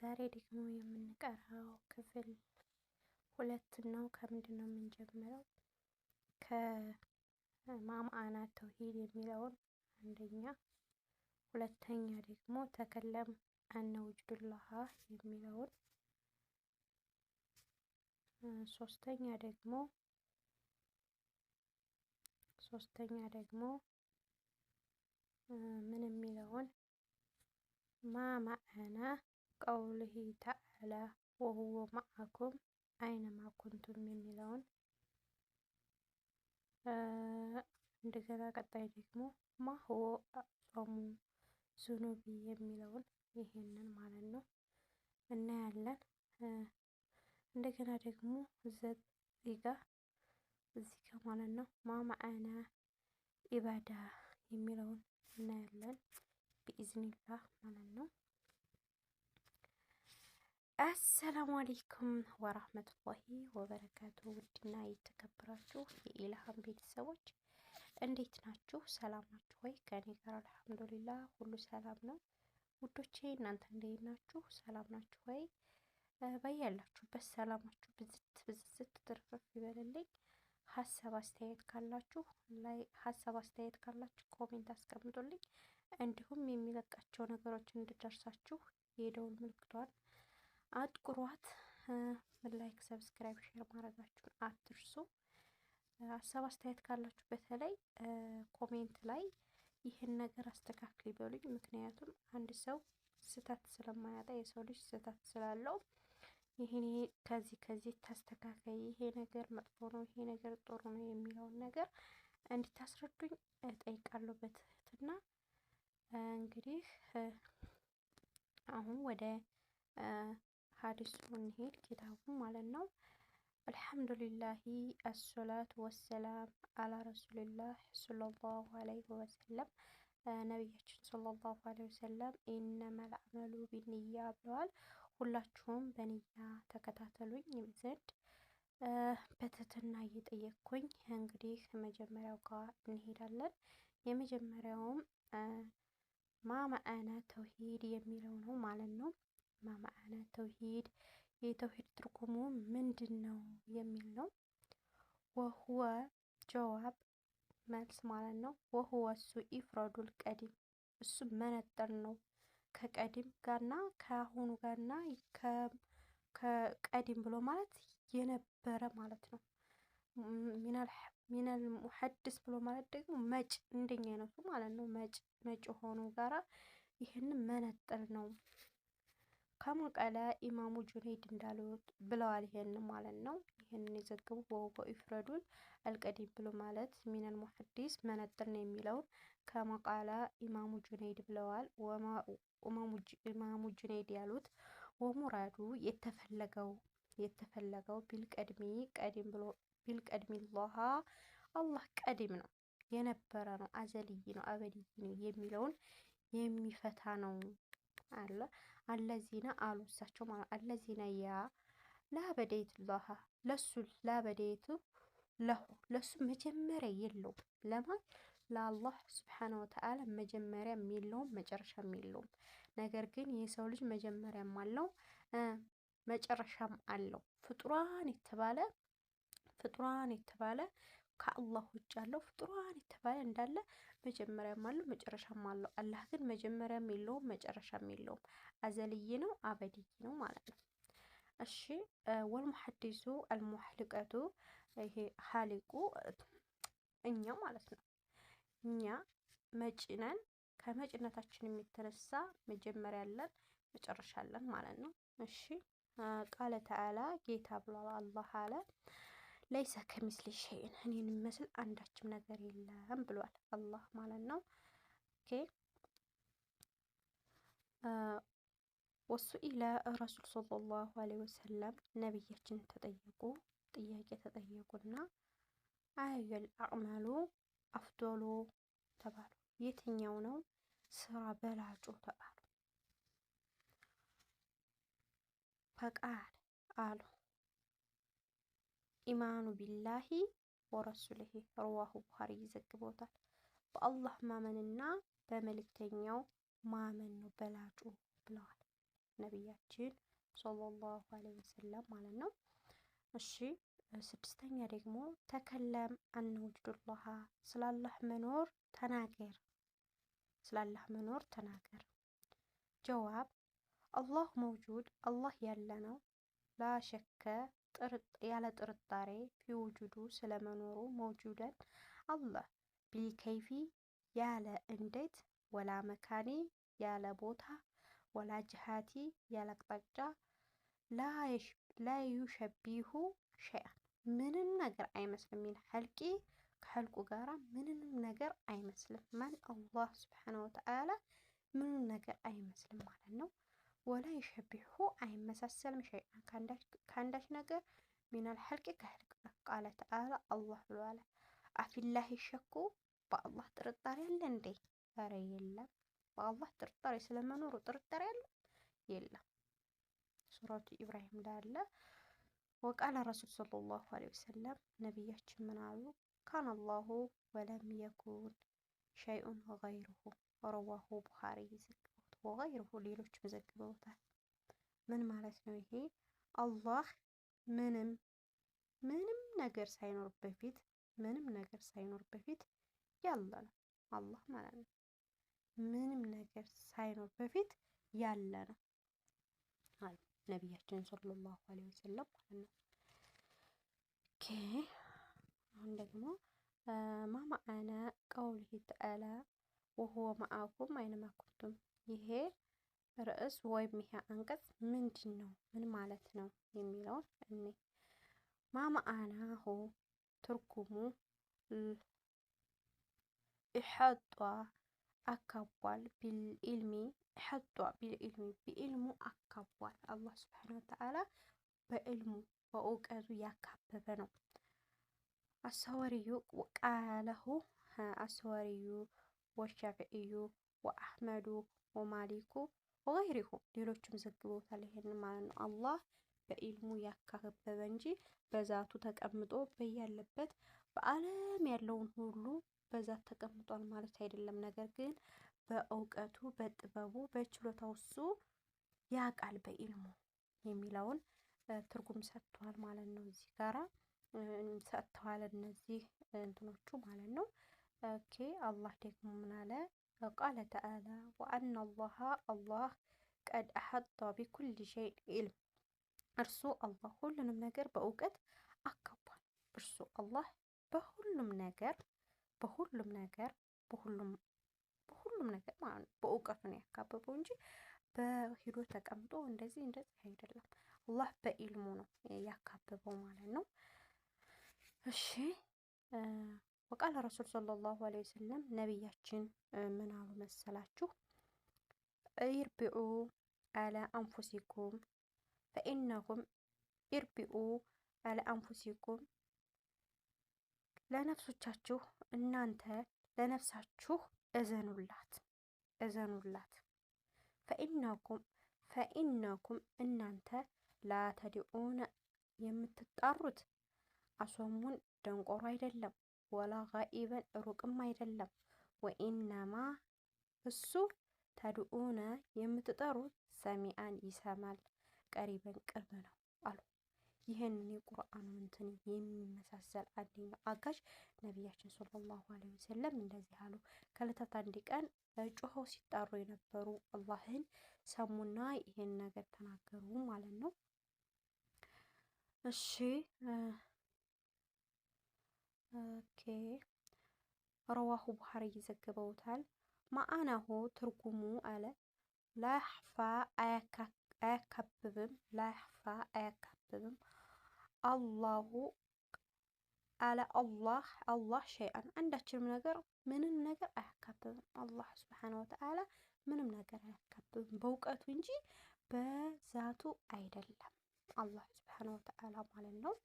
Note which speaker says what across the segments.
Speaker 1: ዛሬ ደግሞ የምንቀራው ክፍል ሁለት ነው። ከምንድን ነው የምንጀምረው? ከማምአና ተውሂድ የሚለውን አንደኛ፣ ሁለተኛ ደግሞ ተከለም አነ ውጅዱላህ የሚለውን ሶስተኛ ደግሞ ሶስተኛ ደግሞ ምን የሚለውን ማ معنى ቀውልሂ ተዓላ ወህዎ መዓኩም አይነማ ኩንቱም የሚለውን እንደገና ቀጣይ ደግሞ ማህዎ አዕጾሙ ዝኑቢ የሚለውን ይሄንን ማለት ነው እናያለን። እንደገና ደግሞ ዜጋ እዚህ ማለት ነው ማ መዓና ኢባዳ የሚለውን እናያለን። ቢኢዝኒላህ ማለት ነው። አሰላሙ አሌይኩም ወራህመቱላሂ ወበረካቱ። ውድና የተከበራችሁ የኢልሃም ቤተሰቦች እንዴት ናችሁ? ሰላም ናችሁ ወይ? ከኔ ጋር አልሐምዱሊላ ሁሉ ሰላም ነው ውዶቼ። እናንተ እንዴት ናችሁ? ሰላም ናችሁ ወይ? በያላችሁበት ሰላማችሁ ብዝት ብዝት ትርፍርፍ ይበልልኝ። ሀሳብ አስተያየት ካላችሁ ላይ ሀሳብ አስተያየት ካላችሁ ኮሜንት አስቀምጡልኝ። እንዲሁም የሚለቃቸው ነገሮች እንድደርሳችሁ የደውል ምልክቷን አጥቁሯት። ላይክ፣ ሰብስክራይብ፣ ሼር ማድረጋችሁን አትርሱ። ሀሳብ አስተያየት ካላችሁ በተለይ ኮሜንት ላይ ይህን ነገር አስተካክል ይበሉኝ። ምክንያቱም አንድ ሰው ስህተት ስለማያጣ የሰው ልጅ ስህተት ስላለው ይሄ ከዚህ ከዚህ ተስተካከይ፣ ይሄ ነገር መጥፎ ነው፣ ይሄ ነገር ጥሩ ነው የሚለውን ነገር እንዲታስረዱኝ እጠይቃለሁ በትህትና። እንግዲህ አሁን ወደ ሀዲሱ እንሄድ ኪታቡ ማለት ነው። አልሐምዱሊላሂ አሶላቱ ወሰላም አላ ረሱልላህ ሰለላሁ አለይሂ ወሰለም ነቢያችን ሰለላሁ አለይሂ ወሰለም ኢነመል አመሉ ቢንያ ብለዋል። ሁላችሁም በንያ ተከታተሉኝ ዘንድ በትህትና እየጠየቅኩኝ እንግዲህ መጀመሪያው ጋር እንሄዳለን። የመጀመሪያውም ማመአነ ተውሂድ የሚለው ነው ማለት ነው። ማመአነ ተውሂድ የተውሂድ ትርጉሙ ምንድን ነው የሚል ነው። ወህወ ጀዋብ መልስ ማለት ነው። ወህወ እሱ ኢፍረዱል ቀዲም እሱ መነጠል ነው ከቀዲም ጋርና ከአሁኑ ጋርና ከቀዲም ብሎ ማለት የነበረ ማለት ነው። ሚናል ሙሐድስ ብሎ ማለት ደግሞ መጭ እንደኛ አይነቱ ማለት ነው መጭ ነጭ ሆኑ ጋራ ይህንን መነጠል ነው። ከመቀለ ኢማሙ ጁነይድ እንዳሉት ብለዋል። ይሄን ማለት ነው። ይህንን የዘግቡ በወጎ ኢፍረዱን አልቀዲም ብሎ ማለት ሚነል ሙሐዲስ መነጥል ነው የሚለውን ከመቀለ ኢማሙ ጁነይድ ብለዋል። ኢማሙ ጁነይድ ያሉት ወሙራዱ የተፈለገው የተፈለገው ቢልቀድሚ ቀዲም ብሎ ቢልቀድሚ ላሃ አላህ ቀዲም ነው። የነበረ ነው። አዘልይ ነው፣ አበድይ ነው የሚለውን የሚፈታ ነው አለ አለዚና አሉ እሳቸው ማለት አለዚና ያ ላበዴት ላሃ ለሱ ላበዴቱ ለሁ ለሱ መጀመሪያ የለው ለማን ለአላህ ስብሓን ወተዓላ መጀመሪያም የለውም መጨረሻም የለውም። ነገር ግን የሰው ልጅ መጀመሪያም አለው መጨረሻም አለው። ፍጡራን የተባለ ፍጡራን የተባለ ከአላህ ውጭ ያለው ፍጡሯን የተባለ እንዳለ መጀመሪያም አለው መጨረሻም አለው። አላህ ግን መጀመሪያም የለውም መጨረሻም የለውም። አዘልይ ነው አበድይ ነው ማለት ነው። እሺ ወልሙሐዲሱ አልሙሐሊቀቱ ይሄ ሀሊቁ እኛ ማለት ነው። እኛ መጭነን ከመጭነታችን የሚተነሳ መጀመሪያ አለን መጨረሻ አለን ማለት ነው። እሺ ቃለ ተዓላ ጌታ ብሏል አላህ አለ ለይሰ ከሚስሊ ሸይን እኔን የሚመስል አንዳችም ነገር የለም ብሏል አላህ ማለት ነው። ኦኬ ወሱኢለ ረሱል ሰለላሁ አለይሂ ወሰለም ነቢያችን ተጠየቁ ጥያቄ ተጠየቁና አየል አዕማሉ አፍዶሎ ተባሉ። የትኛው ነው ስራ በላጩ ተባሉ። ፈቃል አሉ ኢማኑ ቢላሂ ወረሱልሂ ረዋሁ ቡኻሪ ይዘግቦታል። በአላህ ማመንና በመልእክተኛው ማመን ነው በላጩ ብለዋል ነቢያችን ሰለላሁ ዐለይሂ ወሰለም ማለት ነው። እሺ ስድስተኛ ደግሞ ተከለም አነ ውጁዱላህ ስላላህ መኖር ተናገር፣ ስላላህ መኖር ተናገር። ጀዋብ አላህ መውጁድ አላህ ያለ ነው ላሸከ ያለ ጥርጣሬ ፊውጁዱ ስለመኖሩ መውጁደን አላህ ቢከይፊ ያለ እንዴት ወላ መካኒ ያለ ቦታ ወላ ጅሃቲ ያለ አቅጣጫ ላዩሸቢሁ ሸይአን ምንም ነገር አይመስልም። ይል ሐልቂ ከሐልቁ ጋራ ምንም ነገር አይመስልም። ማን አላህ ስብሓነ ወተዓላ ምንም ነገር አይመስልም ማለት ነው። ወላ የሸቢሑ አይመሳሰልም ሸይአን ከአንዳች ነገር ሚናል ሐልቂ ከህልቅ ቃለ ተአላ አላህ ብሏል። አፊላህ ይሸኩ በአላህ ጥርጣሬ አለ እንዴ? ኧረ የለም። በአላህ ጥርጣሬ ስለመኖሩ ጥርጣሬ አለ የለም። ሱረቱ ኢብራሂም ላለ ወቃለ ረሱል ሰለላሁ ዐለይሂ ወሰለም ነቢያችን ምን አሉ? ካን አላሁ ወለም የኩን ሸይኡን ገይሩሁ ረዋሁ ቡኻሪ ይዝግ ወገይሩሁ ሌሎችም ዘግበውታል። ምን ማለት ነው ይሄ? አላህ ምንም ምንም ነገር ሳይኖር በፊት ምንም ነገር ሳይኖር በፊት ያለ ነው አላህ ማለት ነው። ምንም ነገር ሳይኖር በፊት ያለ ነው አሉ ነቢያችን ሰለላሁ ዐለይሂ ወሰለም ማለት ነው። ኦኬ አሁን ደግሞ ማማአነ ቀውልሂ ተዓላ ወሁወ መዓኩም አይነማ ኩንቱም ይሄ ርዕስ ወይም ይሄ አንቀጽ ምንድን ነው? ምን ማለት ነው? የሚለውን እኔ ማማአናሁ ትርጉሙ ኢሐጧ አካቧል ቢልኢልሚ እሐጧ ቢልኢልሚ ቢኢልሙ አካቧል። አላህ ስብሓን ወተዓላ በዕልሙ በእውቀቱ ያካበበ ነው። አሰወርዩ ቃለሁ አሰወርዩ ወሻፍዕዩ ወአሕመዱ ወማሊኩ ወገይሪሁ ሌሎችም ዘግበውታል። ይሄንን ማለት ነው አላህ በኢልሙ ያካበበ እንጂ በዛቱ ተቀምጦ በያለበት በዓለም ያለውን ሁሉ በዛት ተቀምጧል ማለት አይደለም። ነገር ግን በእውቀቱ በጥበቡ በችሎታው እሱ ያቃል በኢልሙ የሚለውን ትርጉም ሰጥተዋል ማለት ነው። እዚህ ጋራ ሰጥተዋል እነዚህ እንትኖቹ ማለት ነው። ኦኬ አላህ ደግሞ ምን አለ? قال تعالى وأن الله الله قد أحط بكل شيء علم እርሱ አላህ ሁሉንም ነገር በእውቀት አካቧል። እርሱ አላህ በሁሉም ነገር በሁሉም ነገር በሁሉም በሁሉም ነገር ማለት ነው በእውቀቱ ነው ያካበበው እንጂ በሂዶ ተቀምጦ እንደዚህ እንደዚህ አይደለም። አላህ በኢልሙ ነው ያካበበው ማለት ነው። እሺ ወቃል ረሱል ሰለላሁ ዐለይሂ ወሰለም ነቢያችን ምን አሉ መሰላችሁ? ኢርቢዑ አለ አንፉሲኩም ፈኢነሁም ኢርቢኡ አለ አንፉሲኩም ለነፍሶቻችሁ እናንተ ለነፍሳችሁ እዘኑላት እዘኑላት ፈኢነኩም ፈኢነኩም እናንተ ላተድዑነ የምትጣሩት አሶሙን ደንቆሮ አይደለም ወላ ጋኢበን ሩቅም አይደለም። ወኢነማ እሱ ተድኡነ የምትጠሩት ሰሚአን ይሰማል፣ ቀሪበን ቅርብ ነው አሉ። ይህንን የቁርአኑ እንትን የሚመሳሰል አንደኛው አጋዥ ነቢያችን ሰለላሁ ዐለይሂ ወሰለም እንደዚህ አሉ። ከዕለታት አንድ ቀን ጩኸው ሲጣሩ የነበሩ አላህን ሰሙና ይህን ነገር ተናገሩ ማለት ነው። እሺ ኦኬ ረዋሁ ቡሓሪ ይዘግበውታል ማአናሁ ትርጉሙ አለ ላያሕፋ አያካብብም፣ ላያሕፋ አያካብብም። አላሁ አለ አላህ አላህ ሸይአን አንዳችንም ነገር ምንም ነገር አያካብብም። አላህ ስብሓን ወተዓላ ምንም ነገር አያካብብም በእውቀቱ እንጂ በዛቱ አይደለም። አላህ ስብሓን ወተዓላ ማለት ነው።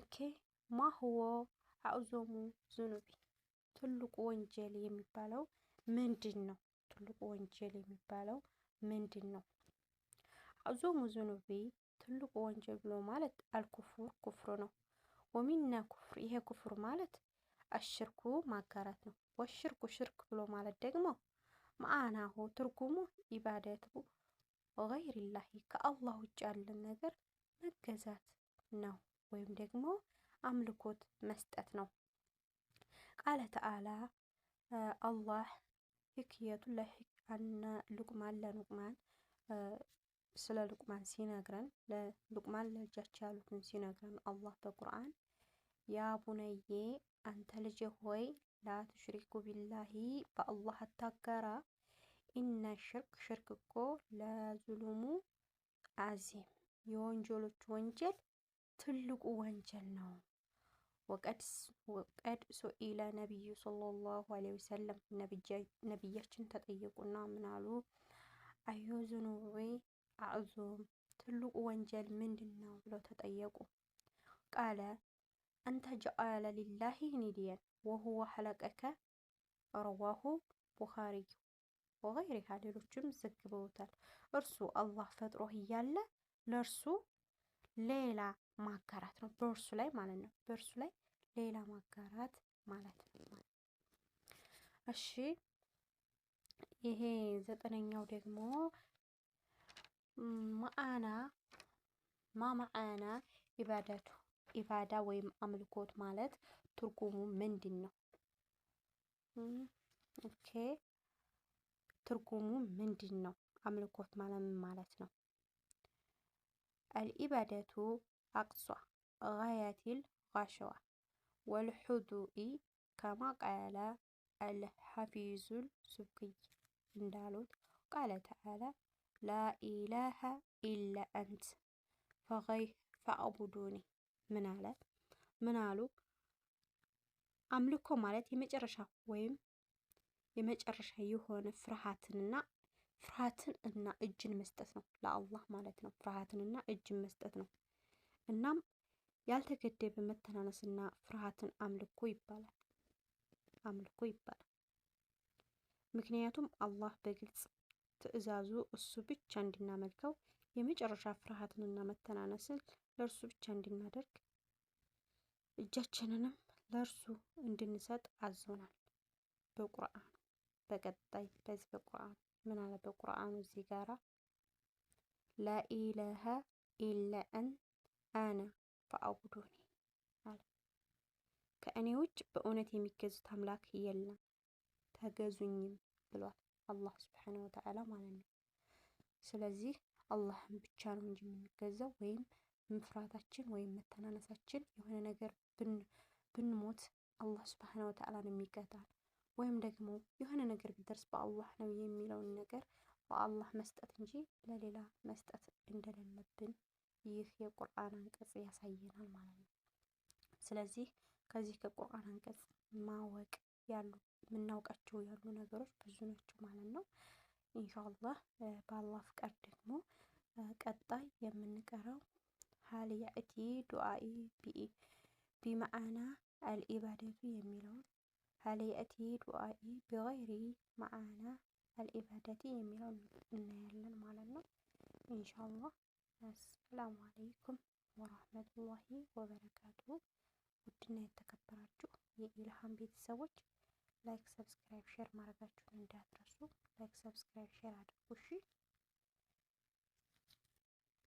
Speaker 1: ኦኬ ማህዎ አዕዞሙ ዝኑቢ ትልቁ ወንጀል የሚባለው ምንድን ነው? ትልቁ ወንጀል የሚባለው ምንድን ነው? አዕዞሙ ዝኑቢ ትልቁ ወንጀል ብሎ ማለት አልኩፍር ኩፍሩ ነው። ወሚና ኩፍር ይሄ ኩፍር ማለት አሽርኩ ማጋራት ነው። ወሽርኩ ሽርክ ብሎ ማለት ደግሞ ማአናሁ ትርጉሙ ኢባደቱ ገይሪላሂ ከአላህ ውጭ ያለን ነገር መገዛት ነው ወይም ደግሞ አምልኮት መስጠት ነው። ቃለ ተዓላ አላህ ህክየቱ ለአነ ሉቅማን ለሉቅማን ስለ ሉቅማን ሲነግረን ሉቅማን ለልጆች ያሉትን ሲነግረን አላህ በቁርአን ያ ቡነዬ አንተ ልጅ ሆይ ላትሽሪኩ ቢላሂ በአላህ አታጋራ፣ ኢነ ሽርክ ሽርክ እኮ ለዙሉሙ አዚም የወንጀሎች ወንጀል ትልቁ ወንጀል ነው። ወቀድ ሱኢለ ነቢዩ ሰለላሁ ዐለይሂ ወሰለም ነቢያችን ተጠየቁና ምናሉ አዩ ዝኑቢ አዕዙም ትልቁ ወንጀል ምንድን ነው ብለው ተጠየቁ። ቃለ አንተ ጀአለ ሊላሂ ኒድየን ወሁወ ሐለቀከ ረዋሁ ቡኻሪ ወገይሪሃ ሌሎችም ዘግበውታል። እርሱ አላህ ፈጥሮህ እያለ ለእርሱ ሌላ ማጋራት ነው። በእርሱ ላይ ማለት ነው። በእርሱ ላይ ሌላ ማጋራት ማለት ነው። እሺ ይሄ ዘጠነኛው ደግሞ ማአና ማማአና ኢባዳቱ ኢባዳ ወይም አምልኮት ማለት ትርጉሙ ምንድን ነው? ኦኬ ትርጉሙ ምንድን ነው? አምልኮት ማለት ማለት ነው። الإبادة أقصى غاية الغشوة والحضوء كما قال الحفيز السبقي من قال تعالى لا إله إلا أنت فغيه فأبدوني منالة منالو أملكو مالتي مجرشة ويم يمجرشة يهون فرحاتنا ፍርሃትን እና እጅን መስጠት ነው ለአላህ ማለት ነው። ፍርሃትንና እጅን መስጠት ነው። እናም ያልተገደበ መተናነስና ፍርሃትን አምልኮ ይባላል። አምልኮ ይባላል። ምክንያቱም አላህ በግልጽ ትዕዛዙ እሱ ብቻ እንድናመልከው የመጨረሻ ፍርሃትንና መተናነስን ለእርሱ ብቻ እንድናደርግ እጃችንንም ለእርሱ እንድንሰጥ አዞናል በቁርአን። በቀጣይ በዚህ በቁርአን ምን አለ በቁርአኑ እዚህ ጋራ ላኢለሀ ኢለ አን አነ ፈአቡዱኒ አለ። ከእኔ ውጭ በእውነት የሚገዙት አምላክ የለም ተገዙኝም ብሏል አላህ ስብሓነሁ ወተዓላ ማለት ነው። ስለዚህ አላህን ብቻ ነው እንጂ የምንገዛው ወይም መፍራታችን ወይም መተናነሳችን የሆነ ነገር ብንሞት አላህ ስብሓነሁ ወተዓላ ነው የሚቀጣን። ወይም ደግሞ የሆነ ነገር ቢደርስ በአላህ ነው የሚለውን ነገር በአላህ መስጠት እንጂ ለሌላ መስጠት እንደሌለብን ይህ የቁርአን አንቀጽ ያሳየናል ማለት ነው። ስለዚህ ከዚህ ከቁርአን አንቀጽ ማወቅ ያሉ የምናውቃቸው ያሉ ነገሮች ብዙ ናቸው ማለት ነው። ኢንሻአላህ በአላህ ፍቃድ ደግሞ ቀጣይ የምንቀረው ሀል ያእቲ ዱአኢ ቢመአና አልኢባደቱ የሚለውን هل يأتي ዱዓኢ ቢገይሪ መዓና አልኢባደቲ የሚለውን እናያለን ማለት ነው። ኢንሻአላህ። አሰላሙ አለይኩም ወራህመቱላሂ ወበረካቱሁ። ውድና የተከበራችሁ የኢልሃም ቤተሰቦች ላይክ፣ ሰብስክራይብ፣ ሼር ማድረጋችሁን እንዳትረሱ። ላይክ፣ ሰብስክራይብ፣ ሼር አድርጉ እሺ።